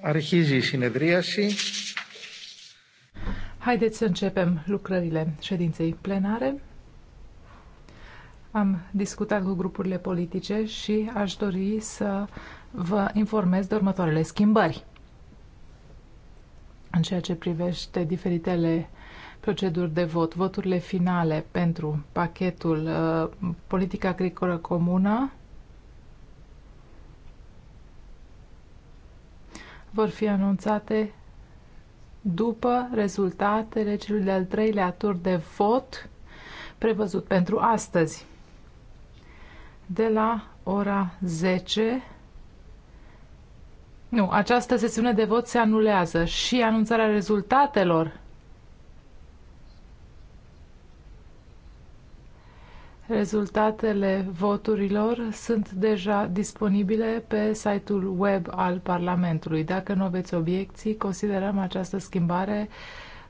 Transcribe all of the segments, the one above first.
Αρχίζει η συνεδρίαση. Haideți să începem lucrările ședinței plenare. Am discutat cu grupurile politice și aș dori să vă informez de următoarele schimbări. În ceea ce privește diferitele proceduri de vot, voturile finale pentru pachetul uh, Politica Agricolă Comună vor fi anunțate după rezultatele celui de-al treilea tur de vot prevăzut pentru astăzi. De la ora 10. Nu, această sesiune de vot se anulează și anunțarea rezultatelor Rezultatele voturilor sunt deja disponibile pe site-ul web al Parlamentului. Dacă nu aveți obiecții, considerăm această schimbare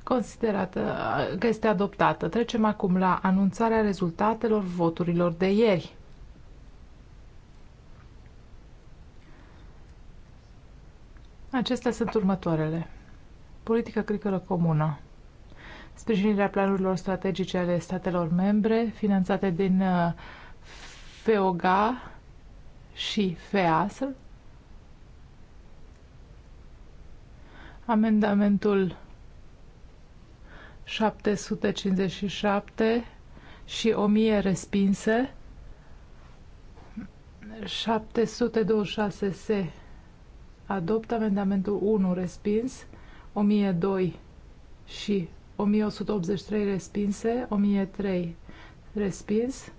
considerată că este adoptată. Trecem acum la anunțarea rezultatelor voturilor de ieri. Acestea sunt următoarele. Politica agricolă comună sprijinirea planurilor strategice ale statelor membre, finanțate din uh, FEOGA și FEASL. Amendamentul 757 și 1000 respinse. 726 se adoptă, amendamentul 1 respins, 1002 și 1183 respinse, 1003 respins,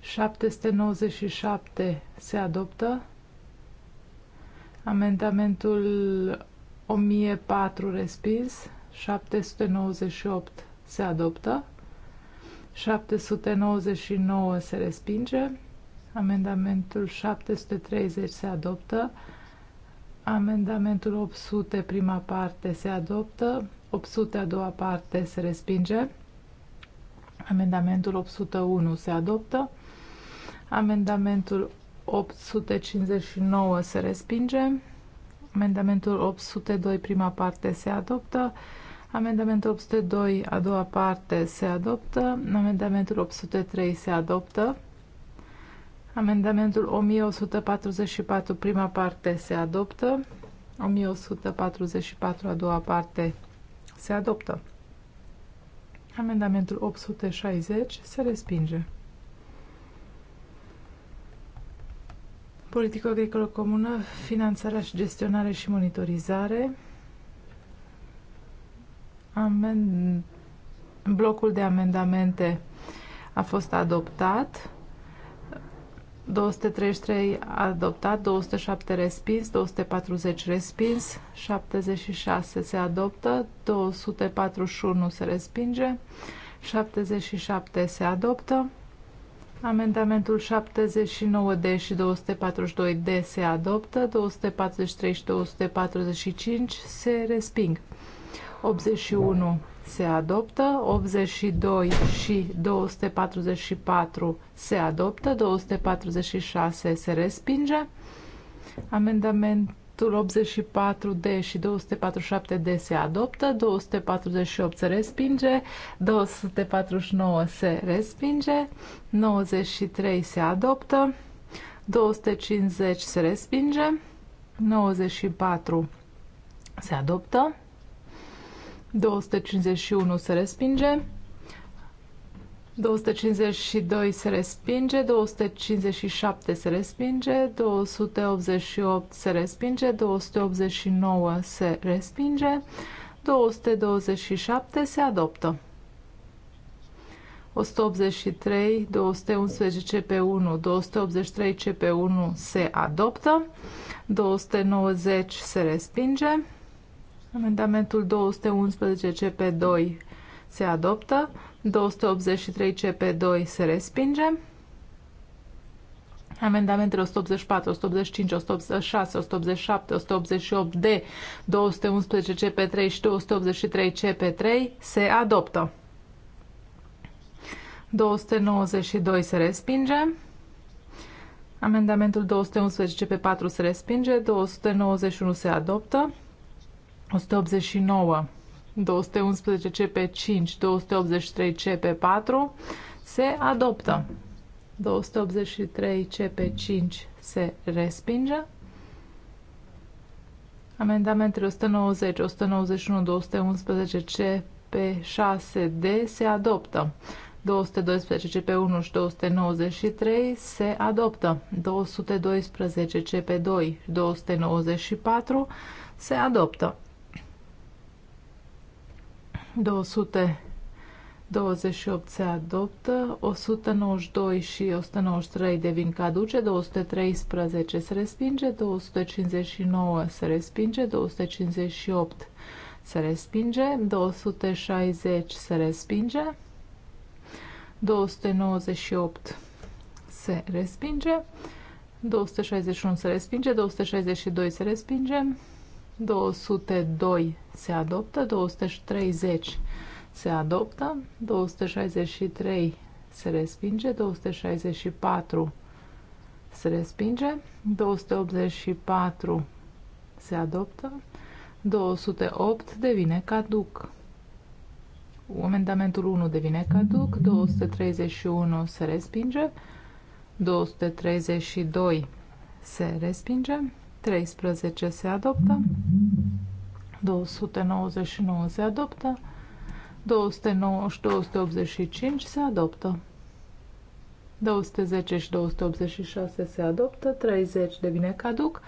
797 se adoptă, amendamentul 1004 respins, 798 se adoptă, 799 se respinge, amendamentul 730 se adoptă, amendamentul 800 prima parte se adoptă, 800, a doua parte, se respinge. Amendamentul 801 se adoptă. Amendamentul 859 se respinge. Amendamentul 802, prima parte, se adoptă. Amendamentul 802, a doua parte, se adoptă. Amendamentul 803 se adoptă. Amendamentul 1144, prima parte, se adoptă. 1144, a doua parte, se adoptă. Amendamentul 860 se respinge. Politică agricolă comună, finanțarea și gestionare și monitorizare. Amen... Blocul de amendamente a fost adoptat. 233 adoptat, 207 respins, 240 respins, 76 se adoptă, 241 se respinge, 77 se adoptă, amendamentul 79D și 242D se adoptă, 243 și 245 se resping, 81 se adoptă, 82 și 244 se adoptă, 246 se respinge, amendamentul 84D și 247D se adoptă, 248 se respinge, 249 se respinge, 93 se adoptă, 250 se respinge, 94 se adoptă, 251 se respinge. 252 se respinge, 257 se respinge, 288 se respinge, 289 se respinge, 227 se adoptă. 183, 211 CP1, 283 CP1 se adoptă, 290 se respinge, Amendamentul 211 CP2 se adoptă. 283 CP2 se respinge. Amendamentele 184, 185, 186, 187, 188 D, 211 CP3 și 283 CP3 se adoptă. 292 se respinge. Amendamentul 211 CP4 se respinge. 291 se adoptă. 189, 211 CP5, 283 CP4 se adoptă. 283 CP5 se respinge. Amendamentele 190, 191, 211 CP6D se adoptă. 212 CP1 și 293 se adoptă. 212 CP2 și 294 se adoptă. 228 se adoptă, 192 și 193 devin caduce, 213 se respinge, 259 se respinge, 258 se respinge, 260 se respinge, 298 se respinge, 261 se respinge, 262 se respinge, 202 se adoptă, 230 se adoptă, 263 se respinge, 264 se respinge, 284 se adoptă, 208 devine caduc. Amendamentul 1 devine caduc, 231 se respinge, 232 se respinge, 13 se adoptă, 299 se adoptă, 209 285 se adoptă. 210 și 286 se adoptă, 30 devine caduc,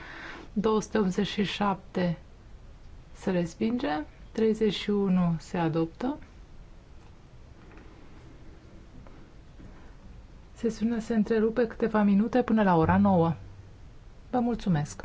287 se respinge, 31 se adoptă. Sesiunea se întrerupe câteva minute până la ora 9. Vă mulțumesc!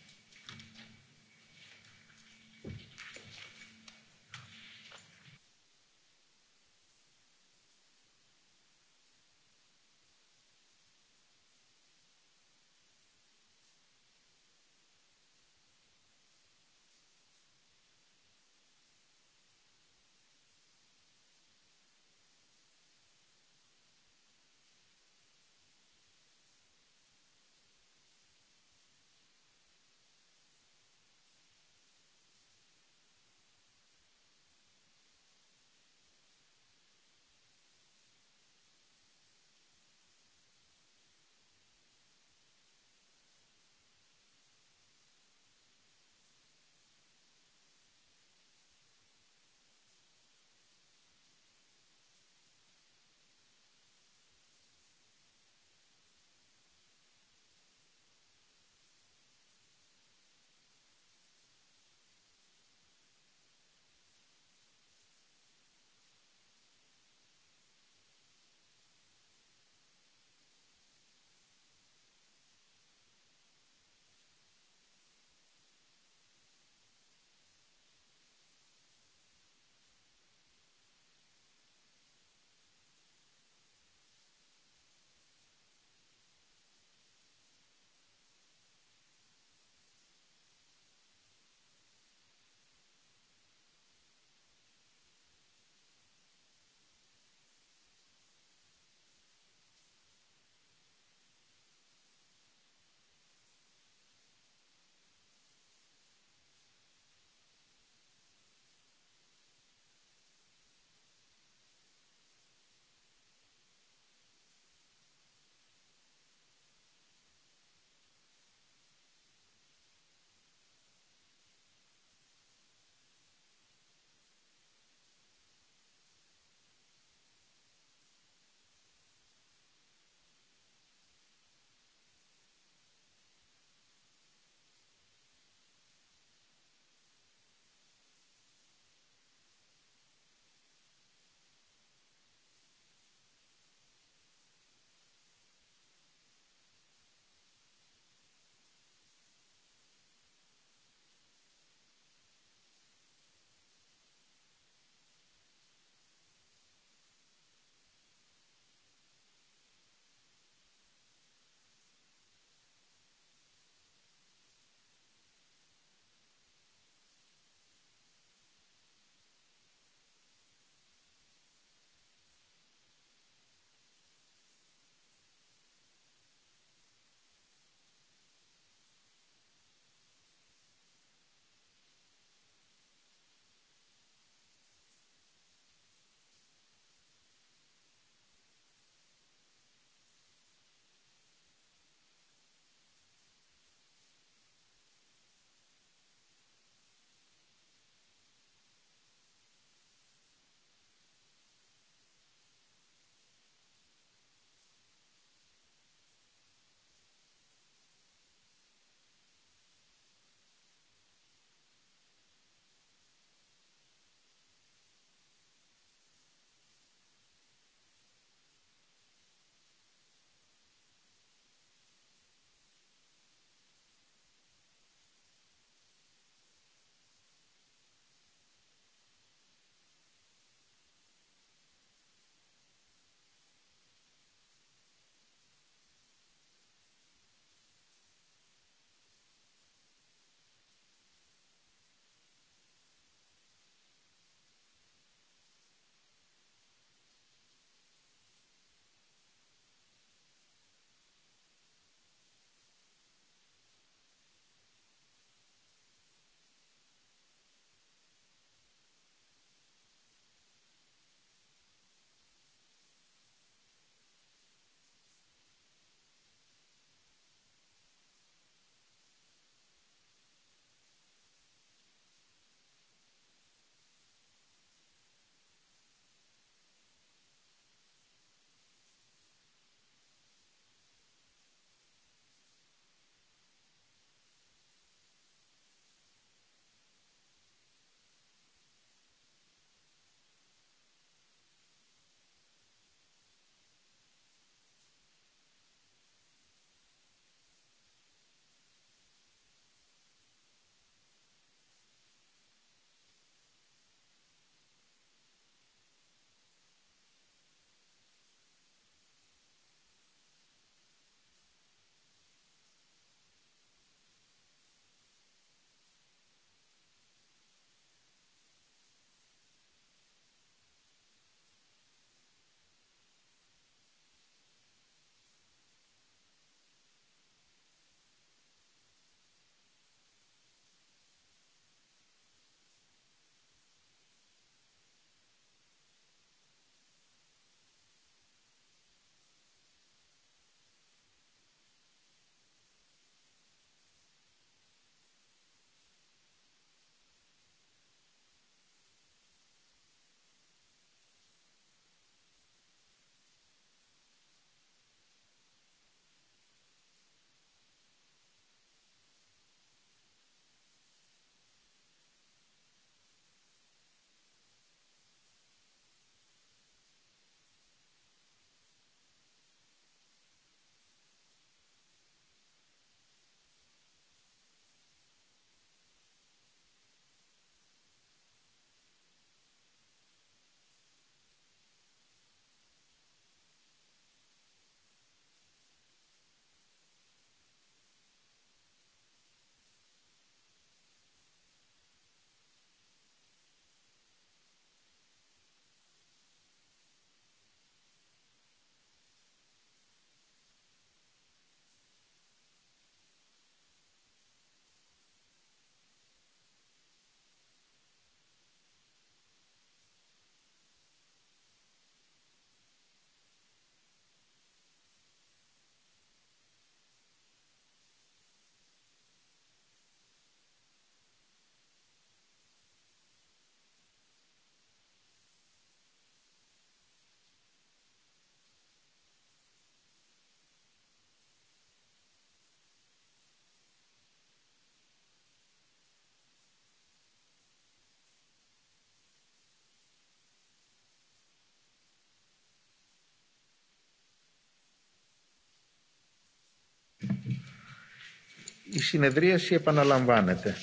Η συνεδρίαση επαναλαμβάνεται.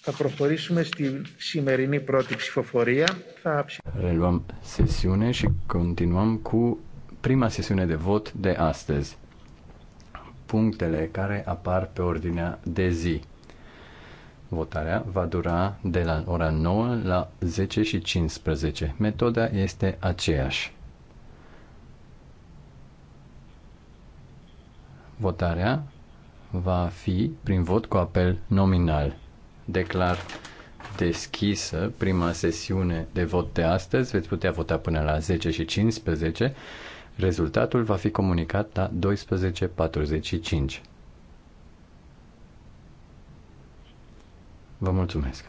Θα προχωρήσουμε στη σημερινή πρώτη ψηφοφορία. Θα... Reluăm sesiune și continuăm cu prima sesiune de vot de astăzi. Punctele care apar pe ordinea de zi. Votarea va dura de la ora 9 la 10 și 15. Metoda este aceeași. Votarea va fi prin vot cu apel nominal. Declar deschisă prima sesiune de vot de astăzi. Veți putea vota până la 10 și 15. Rezultatul va fi comunicat la 12.45. Vă mulțumesc!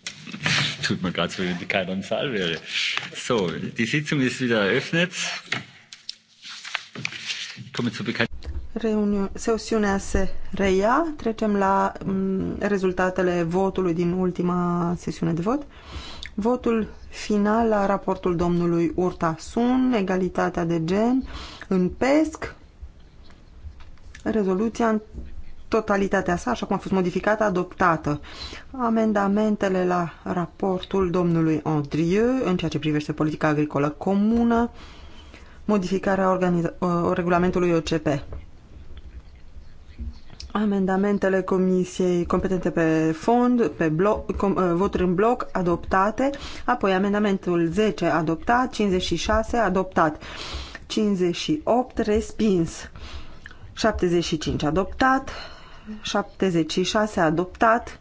tut mir gerade so, wenn keiner im Saal wäre. So, die Sitzung ist wieder eröffnet. Ich komme zur Bekannt sesiunea se reia. Trecem la mm, rezultatele votului din ultima sesiune de vot. Votul final la raportul domnului Urtasun, egalitatea de gen în PESC, rezoluția totalitatea sa, așa cum a fost modificată, adoptată. Amendamentele la raportul domnului Andrieu în ceea ce privește politica agricolă comună, modificarea ă, regulamentului OCP. Amendamentele comisiei competente pe fond, pe bloc, ă, voturi în bloc adoptate, apoi amendamentul 10 adoptat, 56 adoptat, 58 respins. 75 adoptat, 76 adoptat,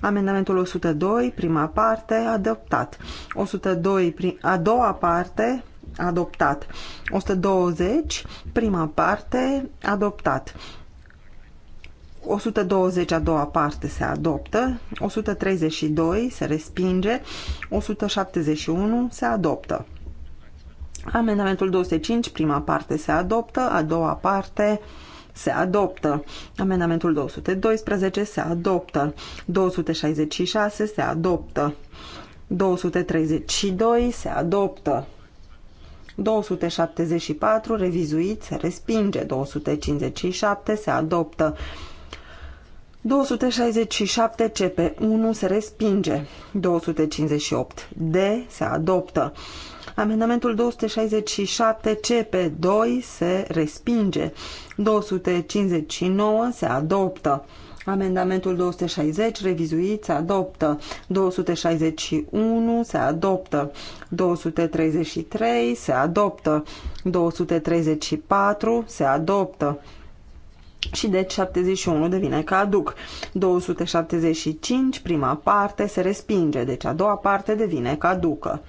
amendamentul 102, prima parte, adoptat. 102, a doua parte, adoptat. 120, prima parte, adoptat. 120 a doua parte se adoptă, 132 se respinge, 171 se adoptă. Amendamentul 205, prima parte se adoptă, a doua parte se adoptă. Amendamentul 212 se adoptă. 266 se adoptă. 232 se adoptă. 274 revizuit se respinge. 257 se adoptă. 267 CP1 se respinge. 258 D se adoptă. Amendamentul 267 CP2 se respinge. 259 se adoptă. Amendamentul 260 revizuit se adoptă. 261 se adoptă. 233 se adoptă. 234 se adoptă și deci 71 devine caduc. 275, prima parte, se respinge, deci a doua parte devine caducă.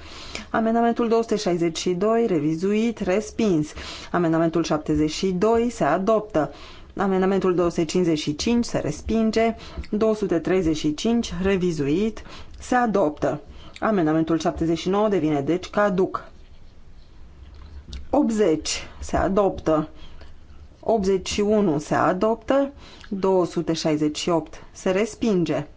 Amendamentul 262, revizuit, respins. Amendamentul 72 se adoptă. Amendamentul 255 se respinge, 235 revizuit, se adoptă. Amendamentul 79 devine deci caduc. 80 se adoptă. 81 se adoptă, 268 se respinge,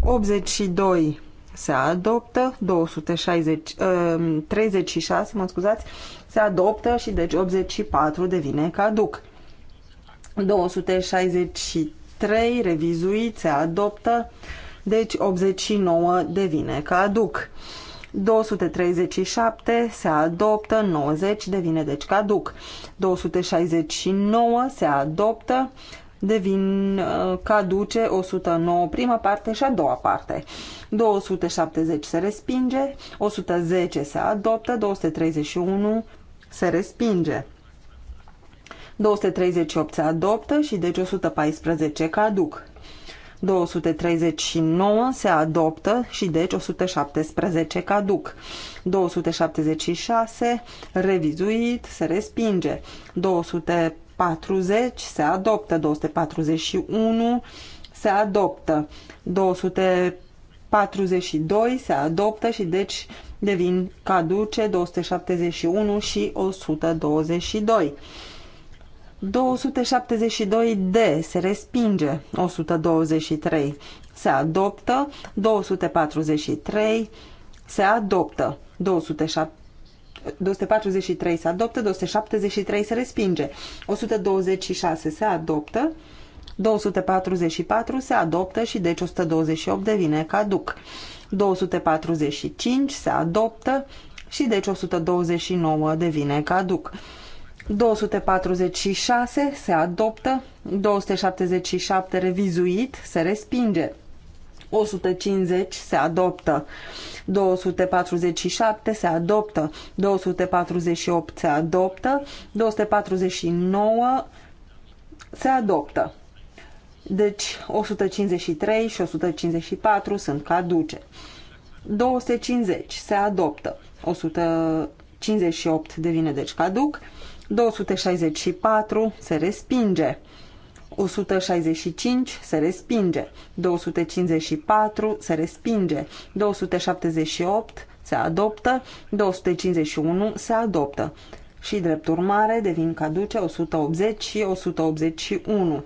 82 se adoptă, 260, uh, 36, mă scuzați, se adoptă și deci 84 devine caduc. 263 revizuit se adoptă, deci 89 devine caduc. 237 se adoptă, 90 devine deci caduc. 269 se adoptă, devin uh, caduce 109 prima parte și a doua parte. 270 se respinge, 110 se adoptă, 231 se respinge. 238 se adoptă și deci 114 caduc. 239 se adoptă și deci 117 caduc. 276 revizuit se respinge. 240 se adoptă. 241 se adoptă. 242 se adoptă și deci devin caduce 271 și 122. 272D se respinge, 123 se adoptă, 243 se adoptă, 273 243 se adoptă, 273 se respinge, 126 se adoptă, 244 se adoptă și deci 128 devine caduc. 245 se adoptă și deci 129 devine caduc. 246 se adoptă, 277 revizuit se respinge, 150 se adoptă, 247 se adoptă, 248 se adoptă, 249 se adoptă. Deci 153 și 154 sunt caduce. 250 se adoptă, 158 devine deci caduc, 264 se respinge. 165 se respinge, 254 se respinge, 278 se adoptă, 251 se adoptă și drept urmare devin caduce 180 și 181.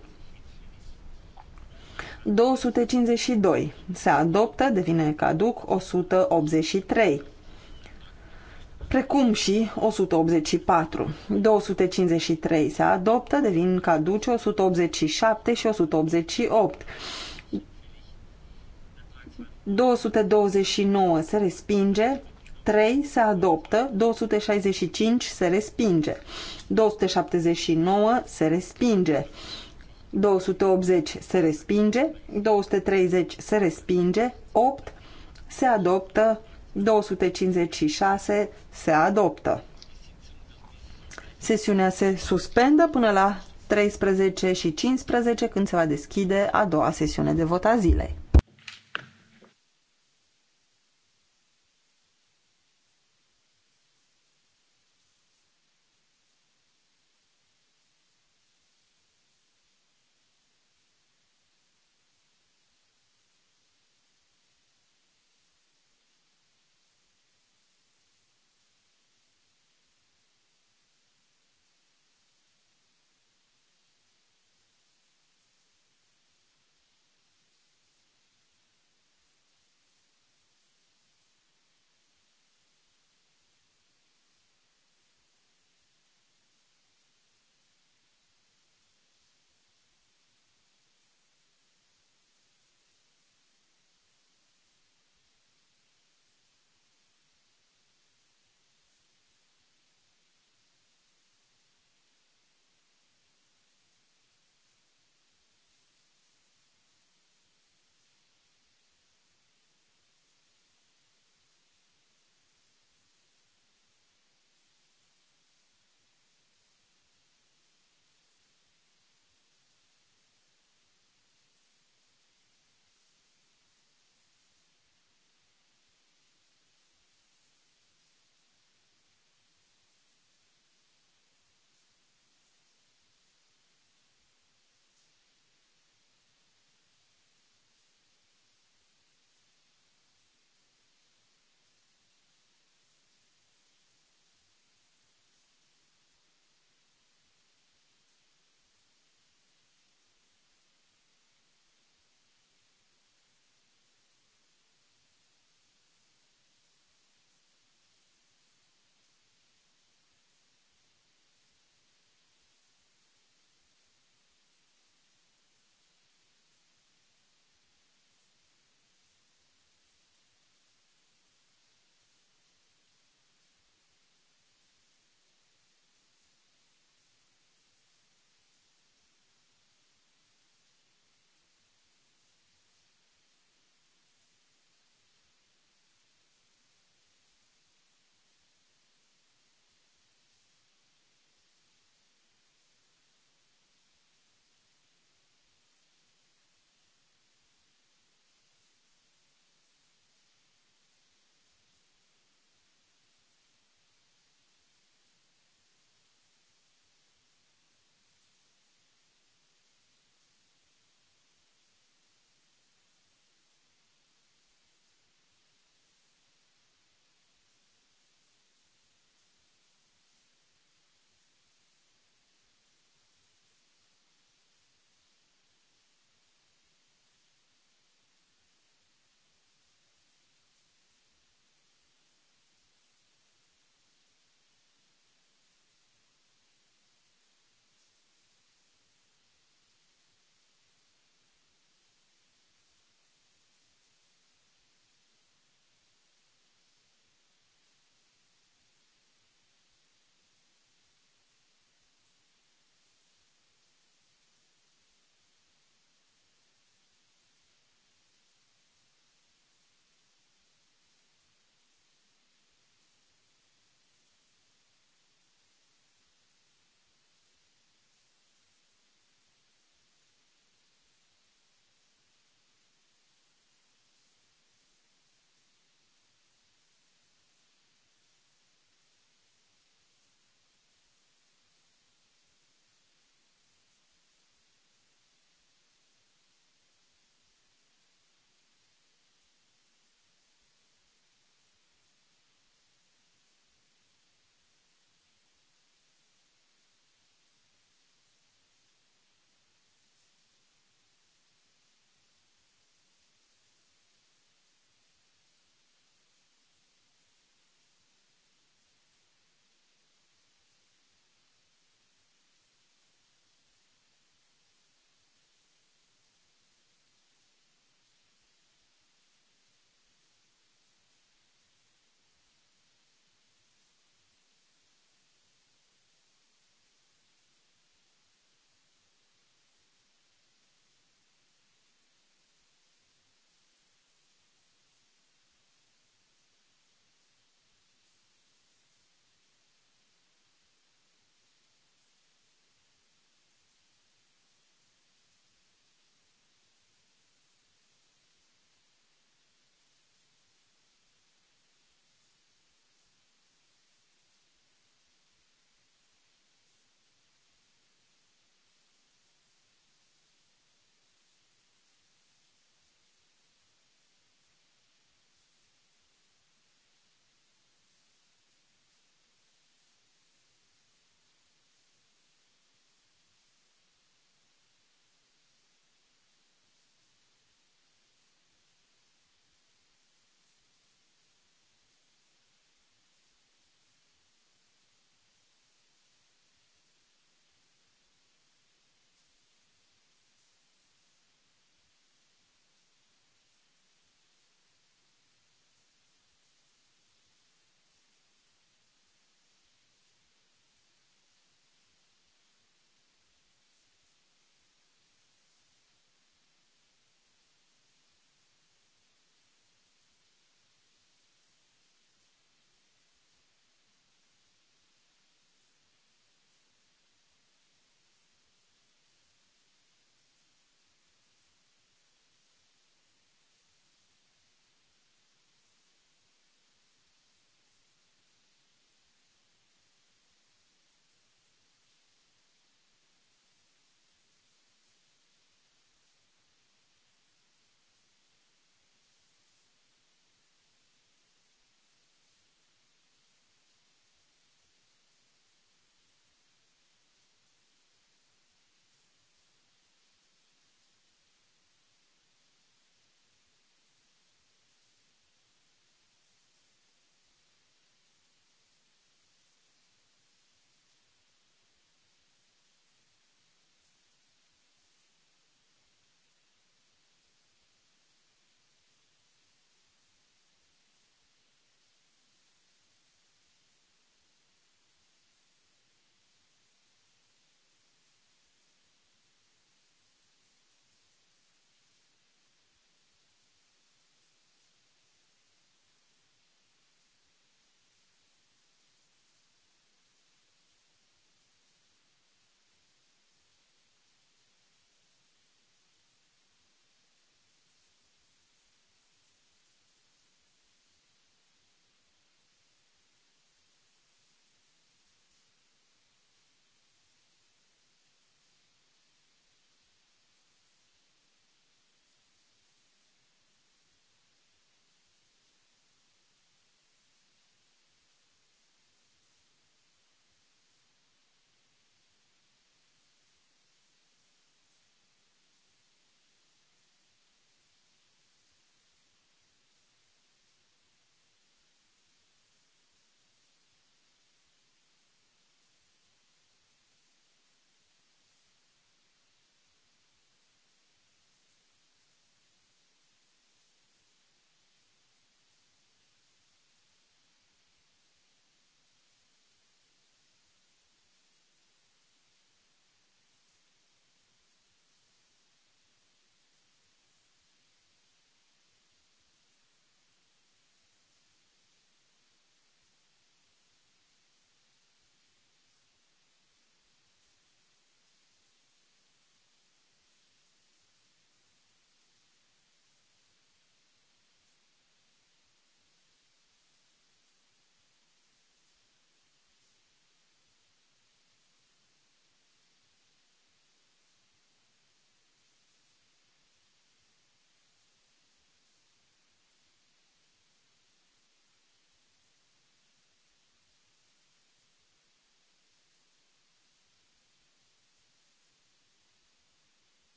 252 se adoptă, devine caduc 183 precum și 184. 253 se adoptă, devin caduce 187 și 188. 229 se respinge, 3 se adoptă, 265 se respinge, 279 se respinge, 280 se respinge, 230 se respinge, 8 se adoptă, 256 se adoptă. Sesiunea se suspendă până la 13 și 15 când se va deschide a doua sesiune de vot a zilei.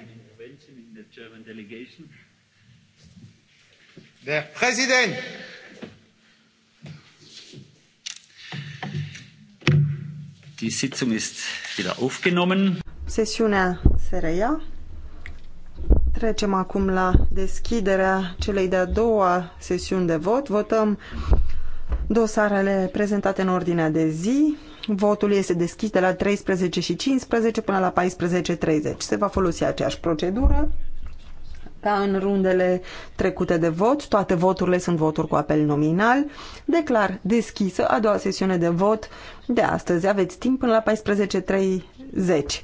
intervention in the German delegation. Der Präsident! Die Sitzung ist wieder aufgenommen. Sesiunea se reia. Trecem acum la deschiderea celei de-a doua sesiuni de vot. Votăm dosarele prezentate în ordinea de zi. Votul este deschis de la 13 și 15 până la 14.30. Se va folosi aceeași procedură ca în rundele trecute de vot. Toate voturile sunt voturi cu apel nominal. Declar deschisă a doua sesiune de vot de astăzi. Aveți timp până la 14.30.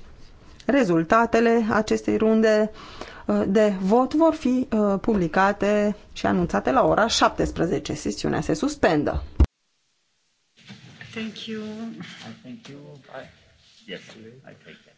Rezultatele acestei runde uh, de vot vor fi uh, publicate și anunțate la ora 17. Sesiunea se suspendă. Thank you. I thank you. I, yes, I take that.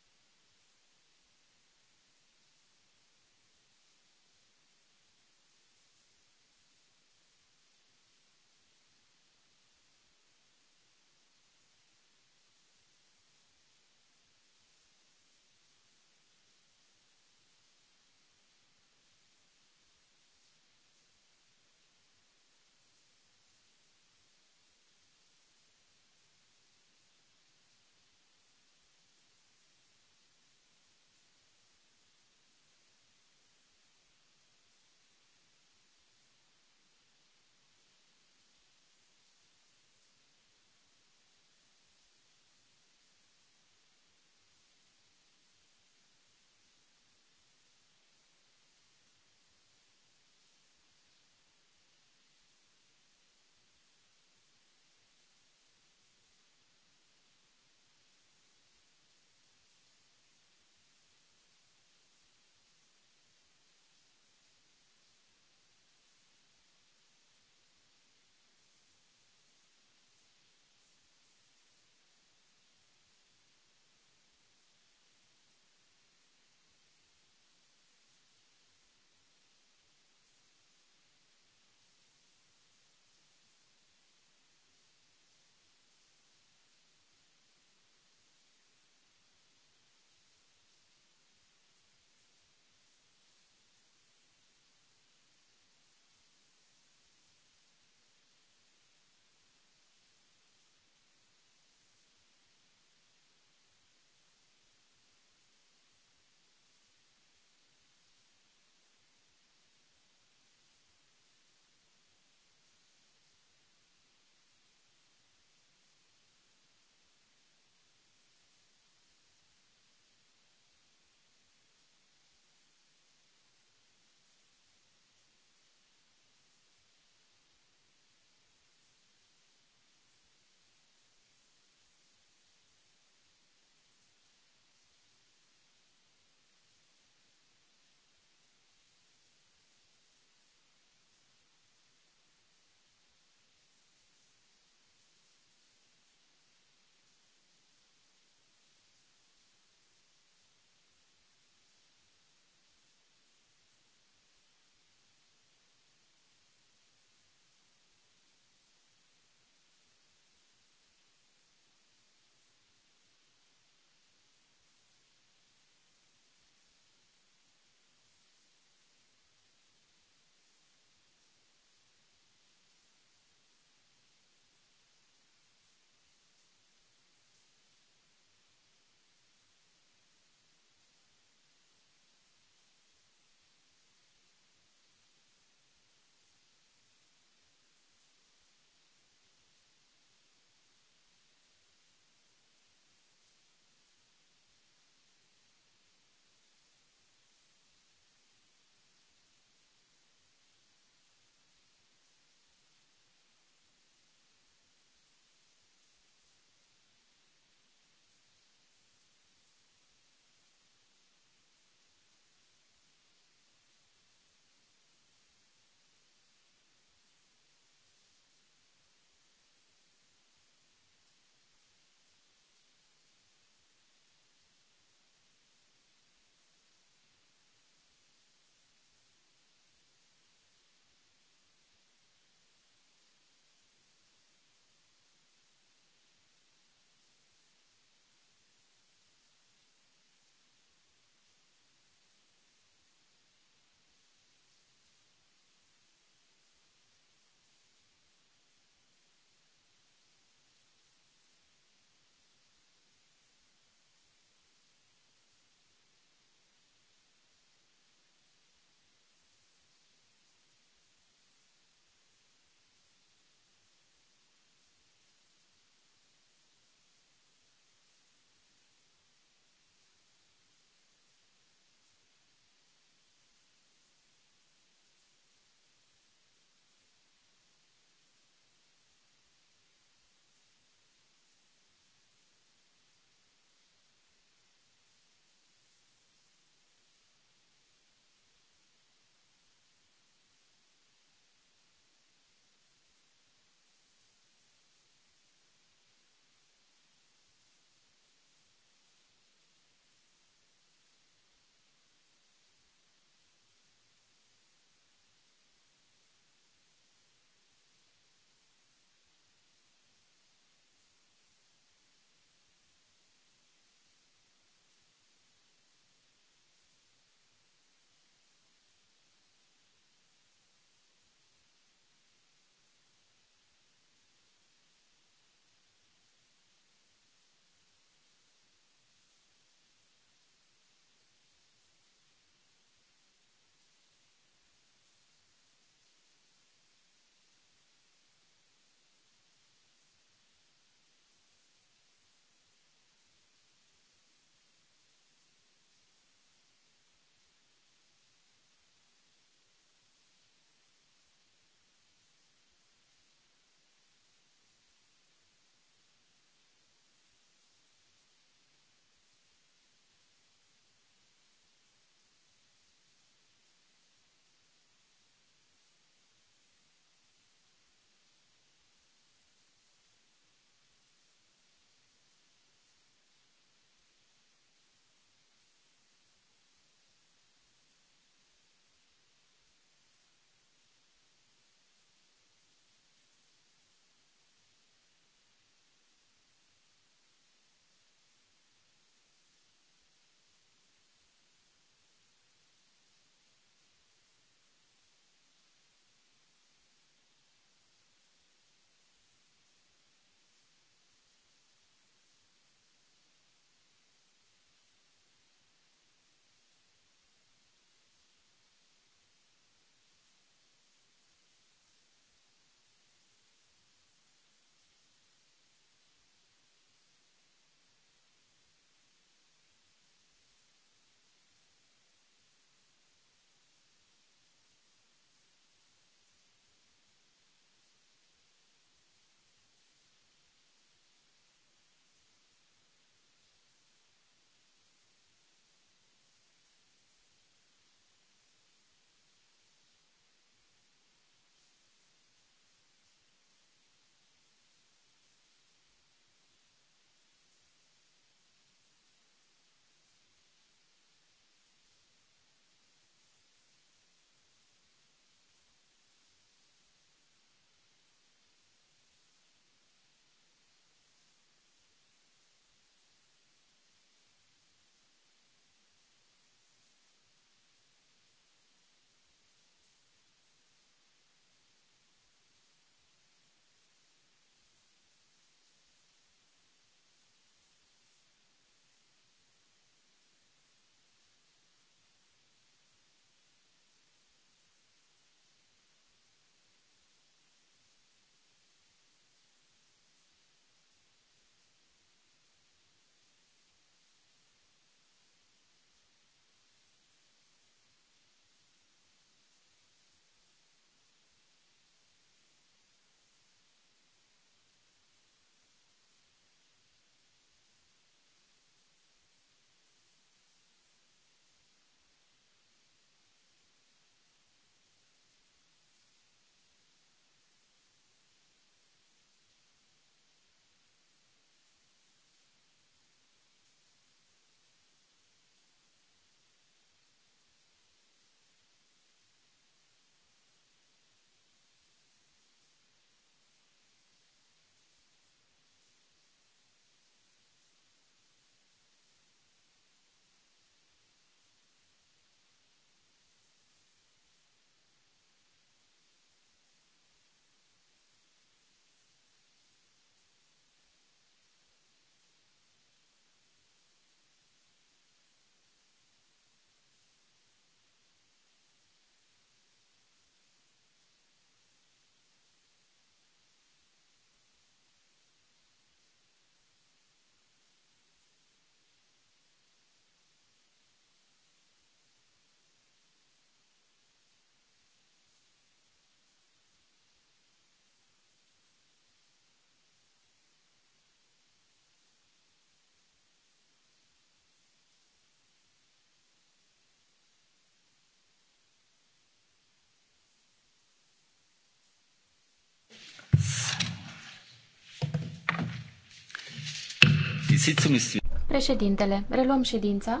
Președintele, reluăm ședința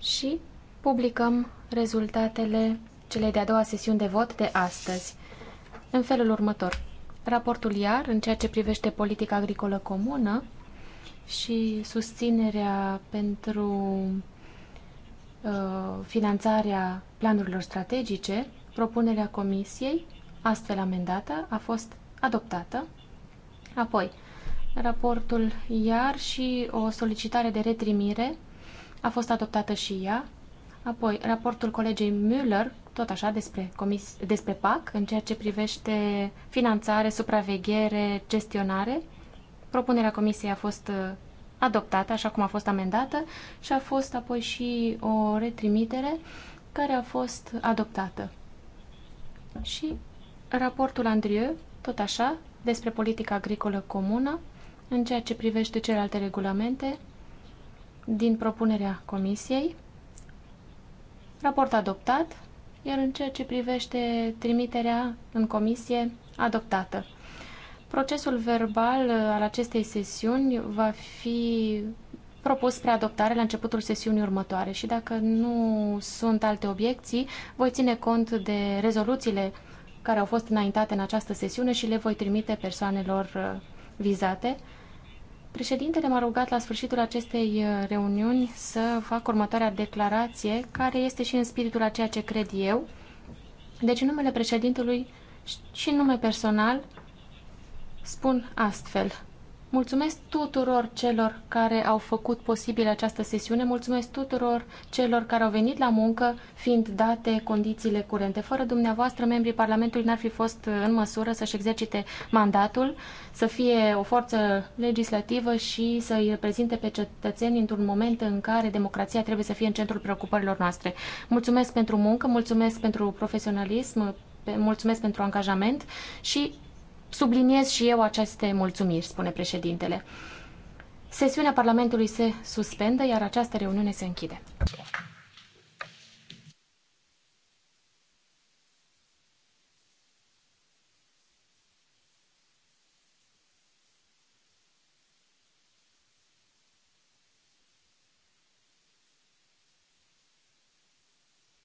și publicăm rezultatele celei de-a doua sesiuni de vot de astăzi. În felul următor, raportul iar, în ceea ce privește politica agricolă comună și susținerea pentru uh, finanțarea planurilor strategice, propunerea comisiei, astfel amendată, a fost adoptată. Apoi, Raportul iar și o solicitare de retrimire a fost adoptată și ea. Apoi, raportul colegei Müller, tot așa, despre, comis, despre PAC, în ceea ce privește finanțare, supraveghere, gestionare. Propunerea comisiei a fost uh, adoptată, așa cum a fost amendată, și a fost apoi și o retrimitere care a fost adoptată. Și raportul Andrieu, tot așa, despre politica agricolă comună, în ceea ce privește celelalte regulamente din propunerea Comisiei, raport adoptat, iar în ceea ce privește trimiterea în comisie adoptată. Procesul verbal uh, al acestei sesiuni va fi propus spre adoptare la începutul sesiunii următoare și dacă nu sunt alte obiecții, voi ține cont de rezoluțiile care au fost înaintate în această sesiune și le voi trimite persoanelor uh, vizate. Președintele m-a rugat la sfârșitul acestei uh, reuniuni să fac următoarea declarație, care este și în spiritul a ceea ce cred eu. Deci, în numele președintelui și în nume personal, spun astfel. Mulțumesc tuturor celor care au făcut posibil această sesiune, mulțumesc tuturor celor care au venit la muncă, fiind date condițiile curente. Fără dumneavoastră, membrii Parlamentului n-ar fi fost în măsură să-și exercite mandatul, să fie o forță legislativă și să i reprezinte pe cetățeni într-un moment în care democrația trebuie să fie în centrul preocupărilor noastre. Mulțumesc pentru muncă, mulțumesc pentru profesionalism, mulțumesc pentru angajament și subliniez și eu aceste mulțumiri, spune președintele. Sesiunea Parlamentului se suspendă, iar această reuniune se închide.